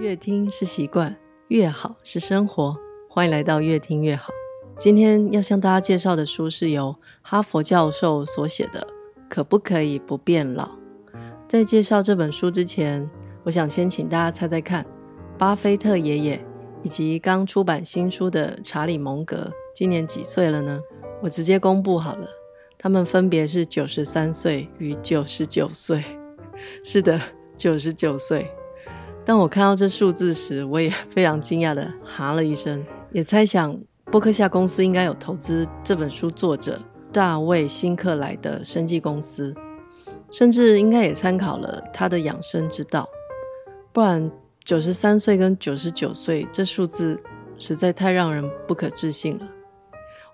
閱聽是習慣，閱好是生活。歡迎來到越聽越好。今天要向大家介紹的書是由哈佛教授所寫的《可不可以不變老》。在介紹這本書之前，我想先請大家猜猜看：巴菲特爺爺以及剛出版新書的查理·蒙格今年幾歲了呢？我直接公布好了，他們分別是九十三歲與九十九歲。 是的，九十九歲。當我看到這數字時，我也非常驚訝的蛤了一聲，也猜想波克夏公司應該有投資這本書作者大衛辛克萊的生技公司，甚至應該也參考了他的養生之道，不然九十三歲跟九十九歲這數字實在太讓人不可置信了。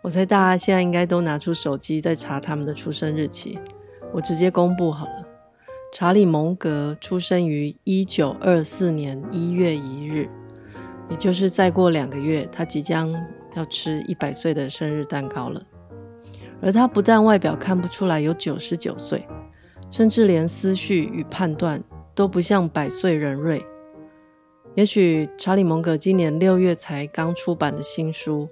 我猜大家現在應該都拿出手機在查他們的出生日期，我直接公布好了。查理·蒙格出生於一九二四年一月一日，也就是再過兩個月，他即將要吃一百歲的生日蛋糕了。而他不但外表看不出來有九十九歲，甚至連思緒與判斷都不像百歲人瑞。也許查理·蒙格今年六月才剛出版的新書《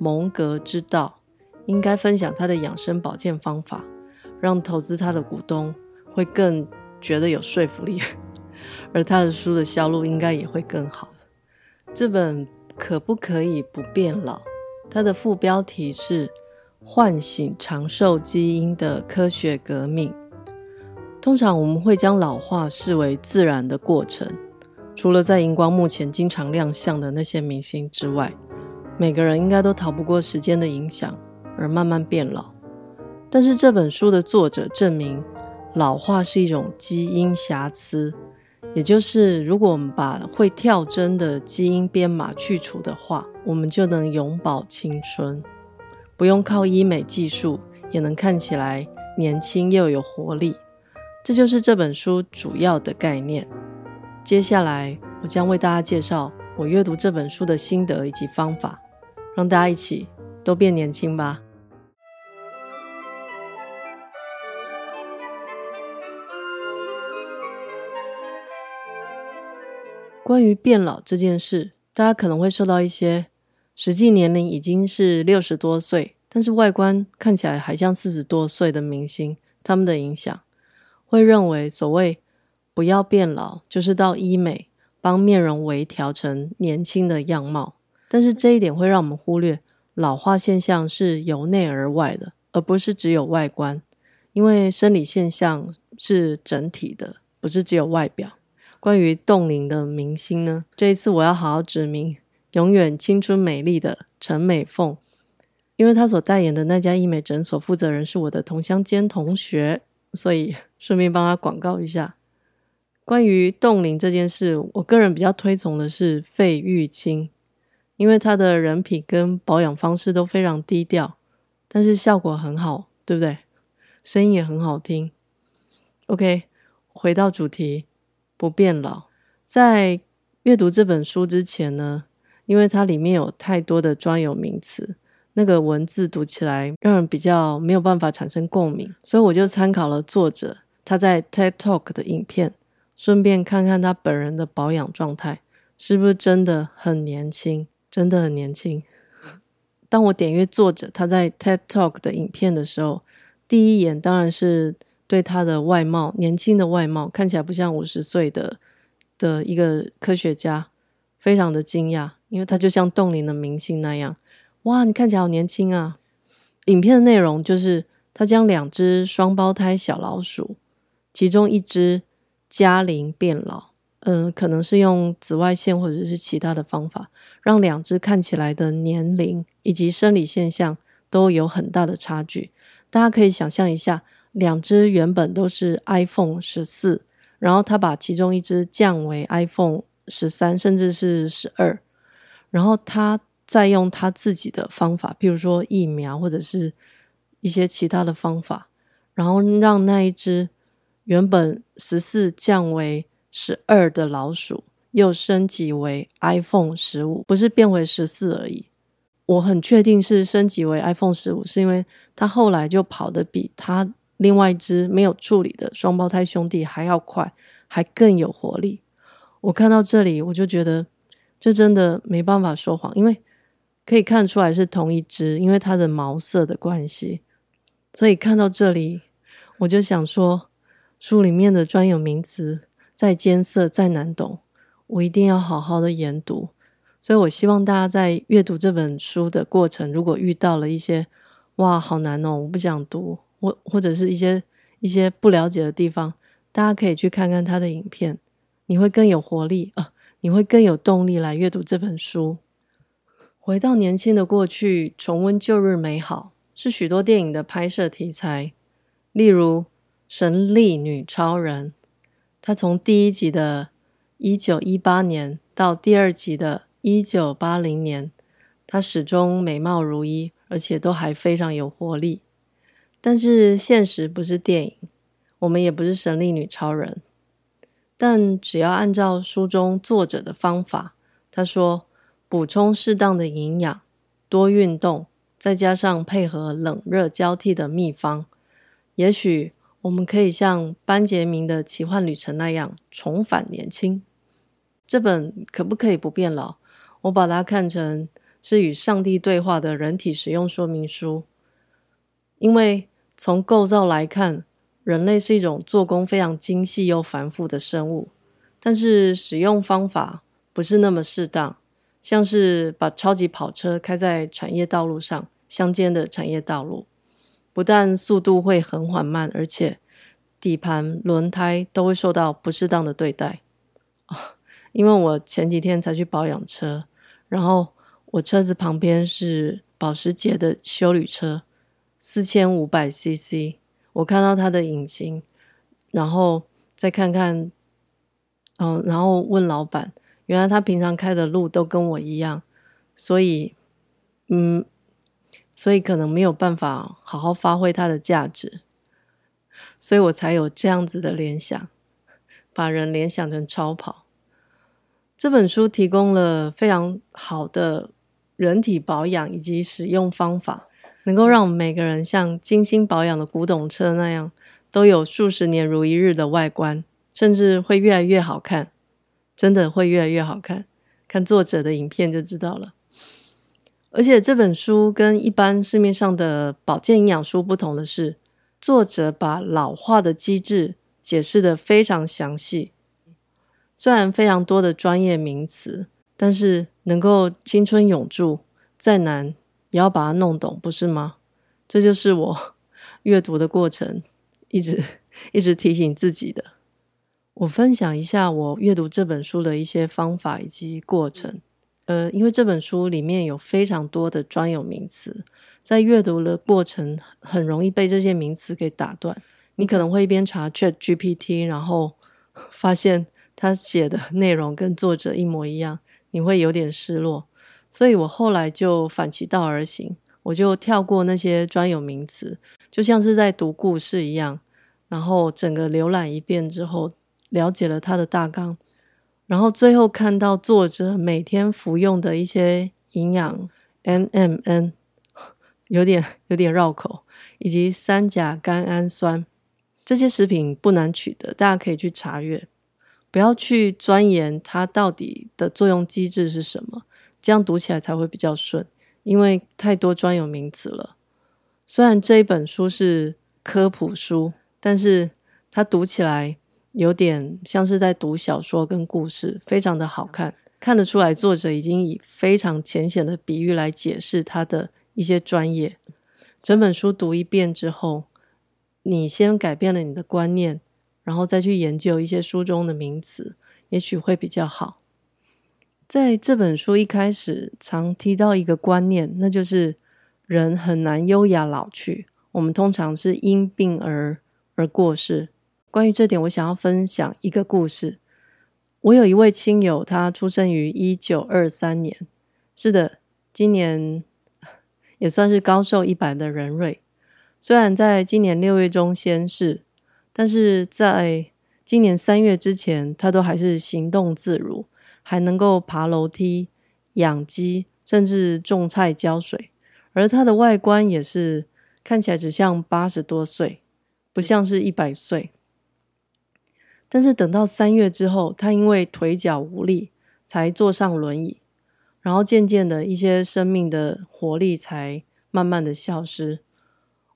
蒙格之道》，應該分享他的養生保健方法，讓投資他的股東會更覺得有說服力，而他的書的銷路應該也會更好。這本可不可以不變老？它的副標題是“喚醒長壽基因的科學革命”。通常我們會將老化視為自然的過程，除了在熒光幕前經常亮相的那些明星之外，每個人應該都逃不過時間的影響，而慢慢變老。但是這本書的作者證明。老化是一種基因瑕疵，也就是如果我們把會跳針的基因編碼去除的話，我們就能永葆青春，不用靠醫美技術也能看起來年輕又有活力。這就是這本書主要的概念。接下來，我將為大家介紹我閱讀這本書的心得以及方法，讓大家一起都變年輕吧。關於變老這件事，大家可能會受到一些實際年齡已經是六十多歲，但是外觀看起來還像四十多歲的明星他們的影響，會認為所謂不要變老，就是到醫美幫面容微調成年輕的樣貌。但是這一點會讓我們忽略，老化現象是由內而外的，而不是只有外觀，因為生理現象是整體的，不是只有外表。關於凍齡的明星呢？這一次我要好好指名，永遠青春美麗的陳美鳳，因為她所代言的那家醫美診所負責人是我的同鄉兼同學，所以順便幫她廣告一下。關於凍齡這件事，我個人比較推崇的是費玉清，因為他的人品跟保養方式都非常低調，但是效果很好，對不對？聲音也很好聽。OK，回到主題。不變老。在閱讀這本書之前呢，因為它裡面有太多的專有名詞，那個文字讀起來讓人比較沒有辦法產生共鳴，所以我就參考了作者他在 TED Talk 的影片，順便看看他本人的保養狀態是不是真的很年輕，真的很年輕。當我點閱作者他在 TED Talk 的影片的時候，第一眼當然是。對他的外貌，年輕的外貌看起來不像五十歲的的一個科學家，非常的驚訝，因為他就像凍齡的明星那樣。哇，你看起來好年輕啊！影片的內容就是他將兩只雙胞胎小老鼠，其中一只加齡變老，嗯、呃，可能是用紫外線或者是其他的方法，讓兩只看起來的年齡以及生理現象都有很大的差距。大家可以想象一下。兩只原本都是 iPhone 十四，然後他把其中一只降為 iPhone 十三，甚至是十二，然後他再用他自己的方法，譬如說疫苗或者是一些其他的方法，然後讓那一只原本十四降為十二的老鼠，又升級為 iPhone 十五，不是變為十四而已。我很確定是升級為 iPhone 十五，是因為他後來就跑得比他。另外一隻沒有處理的雙胞胎兄弟還要快，還更有活力。我看到這裡，我就覺得這真的沒辦法說謊，因為可以看出來是同一隻，因為它的毛色的關係。所以看到這裡，我就想說，書裡面的專有名詞再艱澀再難懂，我一定要好好的研讀。所以，我希望大家在閱讀這本書的過程，如果遇到了一些“哇，好難哦，我不想讀”。或或者是一些一些不了解的地方，大家可以去看看他的影片，你會更有活力啊，你會更有動力來閱讀這本書。回到年輕的過去，重溫舊日美好，是許多電影的拍攝題材，例如《神力女超人》，她從第一集的一九一八年到第二集的一九八零年，她始終美貌如一，而且都還非常有活力。但是現實不是電影，我們也不是神力女超人。但只要按照書中作者的方法，他說補充適當的營養、多運動，再加上配合冷熱交替的秘方，也許我們可以像班傑明的奇幻旅程那樣重返年輕。這本可不可以不變老？我把它看成是與上帝對話的人體使用說明書。因為從構造來看，人類是一種做工非常精細又繁複的生物，但是使用方法不是那麼適當，像是把超級跑車開在產業道路上，鄉間的產業道路，不但速度會很緩慢，而且底盤輪胎都會受到不適當的對待。哦，因為我前幾天才去保養車，然後我車子旁邊是保時捷的休旅車，四千五百 CC，我看到他的引擎，然後再看看，嗯，然後問老闆，原來他平常開的路都跟我一樣，所以，嗯，所以可能沒有辦法好好發揮它的價值，所以我才有這樣子的聯想，把人聯想成超跑。這本書提供了非常好的人體保養以及使用方法。能夠讓我們每個人像精心保養的古董車那樣，都有數十年如一日的外觀，甚至會越來越好看，真的會越來越好看。看作者的影片就知道了。而且這本書跟一般市面上的保健營養書不同的是，作者把老化的機制解釋得非常詳細，雖然非常多的專業名詞，但是能夠青春永駐，再難。也要把它弄懂，不是嗎？這就是我閱讀的過程，一直一直提醒自己的。我分享一下我閱讀這本書的一些方法以及過程。呃，因為這本書裡面有非常多的專有名詞，在閱讀的過程很容易被這些名詞給打斷。你可能會一邊查 ChatGPT，然後發現他寫的內容跟作者一模一樣，你會有點失落。所以我後來就反其道而行，我就跳過那些專有名詞，就像是在讀故事一樣。然後整個瀏覽一遍之後，了解了他的大綱，然後最後看到作者每天服用的一些營養 NMN，有點有點繞口，以及三甲甘氨酸這些食品不難取得，大家可以去查閱，不要去鑽研它到底的作用機制是什麼。這樣讀起來才會比較順，因為太多專有名詞了。雖然這一本書是科普書，但是它讀起來有點像是在讀小說跟故事，非常的好看。看得出來，作者已經以非常淺顯的比喻來解釋他的一些專業。整本書讀一遍之後，你先改變了你的觀念，然後再去研究一些書中的名詞，也許會比較好。在這本書一開始，常提到一個觀念，那就是人很難優雅老去。我們通常是因病而而過世。關於這點，我想要分享一個故事。我有一位親友，他出生於一九二三年，是的，今年也算是高壽一百的人瑞。雖然在今年六月中仙逝，但是在今年三月之前，他都還是行動自如。還能夠爬樓梯、養雞，甚至種菜澆水，而他的外觀也是看起來只像八十多歲，不像是一百歲。但是等到三月之後，他因為腿腳無力才坐上輪椅，然後漸漸的一些生命的活力才慢慢的消失。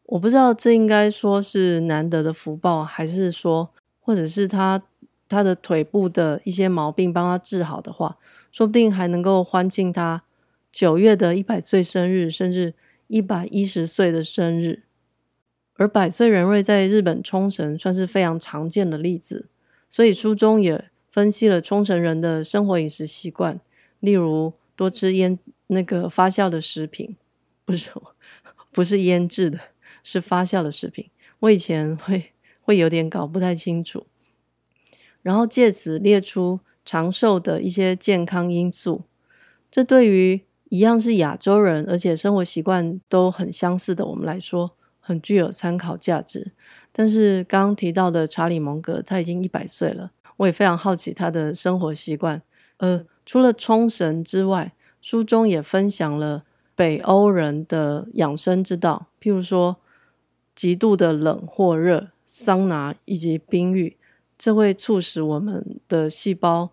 我不知道這應該說是難得的福報，還是說，或者是他，他的腿部的一些毛病，幫他治好的話，說不定還能夠歡慶他九月的一百歲生日，甚至一百一十歲的生日。而百歲人瑞在日本沖繩算是非常常見的例子，所以書中也分析了沖繩人的生活飲食習慣，例如多吃醃那個發酵的食品，不是不是醃制的，是發酵的食品。我以前會會有點搞不太清楚。然後借此列出長壽的一些健康因素。這對於一樣是亞洲人，而且生活習慣都很相似的我們來說，很具有參考價值。但是剛剛提到的查理蒙格，他已經一百歲了，我也非常好奇他的生活習慣。呃，除了沖繩之外，書中也分享了北歐人的養生之道，譬如說極度的冷或熱、桑拿以及冰浴。這會促使我們的細胞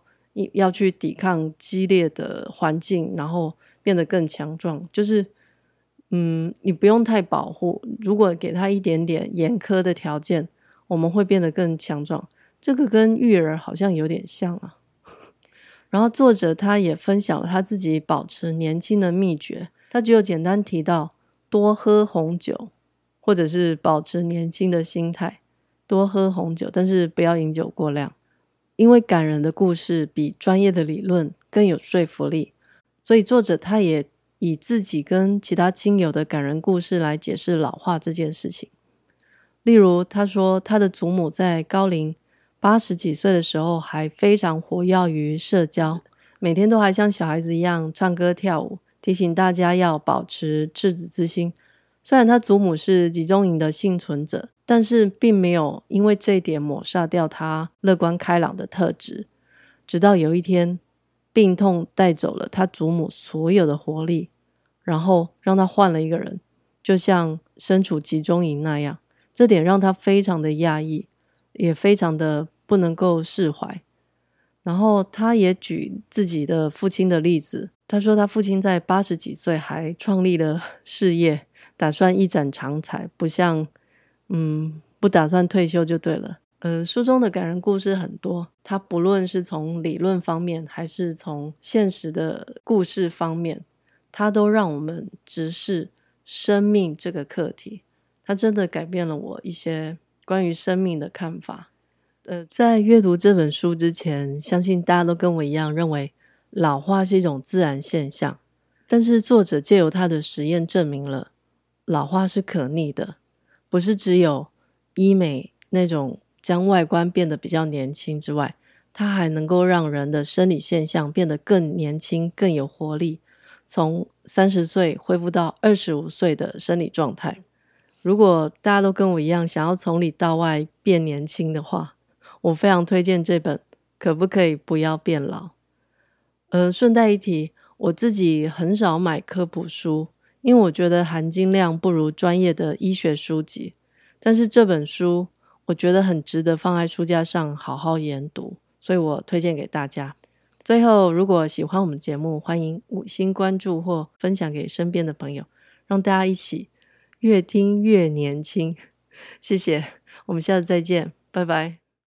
要去抵抗激烈的環境，然後變得更強壯。就是，嗯，你不用太保護。如果給他一點點嚴苛的條件，我們會變得更強壯。這個跟育兒好像有點像啊。然後作者他也分享了他自己保持年輕的祕訣，他只有簡單提到，多喝紅酒，或者是保持年輕的心態。多喝紅酒，但是不要飲酒過量。因為感人的故事比專業的理論更有說服力，所以作者他也以自己跟其他親友的感人故事來解釋老化這件事情。例如，他說他的祖母在高齡八十幾歲的時候，還非常活躍於社交，每天都還像小孩子一樣唱歌跳舞，提醒大家要保持赤子之心。雖然他祖母是集中營的幸存者，但是並沒有因為這一點抹殺掉他樂觀開朗的特質。直到有一天，病痛帶走了他祖母所有的活力，然後讓他換了一個人，就像身處集中營那樣。這點讓他非常的壓抑，也非常的不能夠釋懷。然後他也舉自己的父親的例子，他說他父親在八十幾歲還創立了事業。打算一展長才，不像，嗯，不打算退休就對了。呃，書中的感人故事很多，它不論是從理論方面，還是從現實的故事方面，它都讓我們直視生命這個課題。它真的改變了我一些關於生命的看法。呃，在閱讀這本書之前，相信大家都跟我一樣認為老化是一種自然現象，但是作者借由他的實驗證明了。老化是可逆的，不是只有醫美那種將外觀變得比較年輕之外，它還能夠讓人的生理現象變得更年輕、更有活力，從三十歲恢復到二十五歲的生理狀態。如果大家都跟我一樣想要從裡到外變年輕的話，我非常推薦這本《可不可以不要變老》。呃，嗯，順帶一提，我自己很少買科普書。因為我覺得含金量不如專業的醫學書籍，但是這本書我覺得很值得放在書架上好好研讀，所以我推薦給大家。最後，如果喜歡我們節目，歡迎五星關注或分享給身邊的朋友，讓大家一起越聽越年輕。謝謝，我們下次再見，拜拜。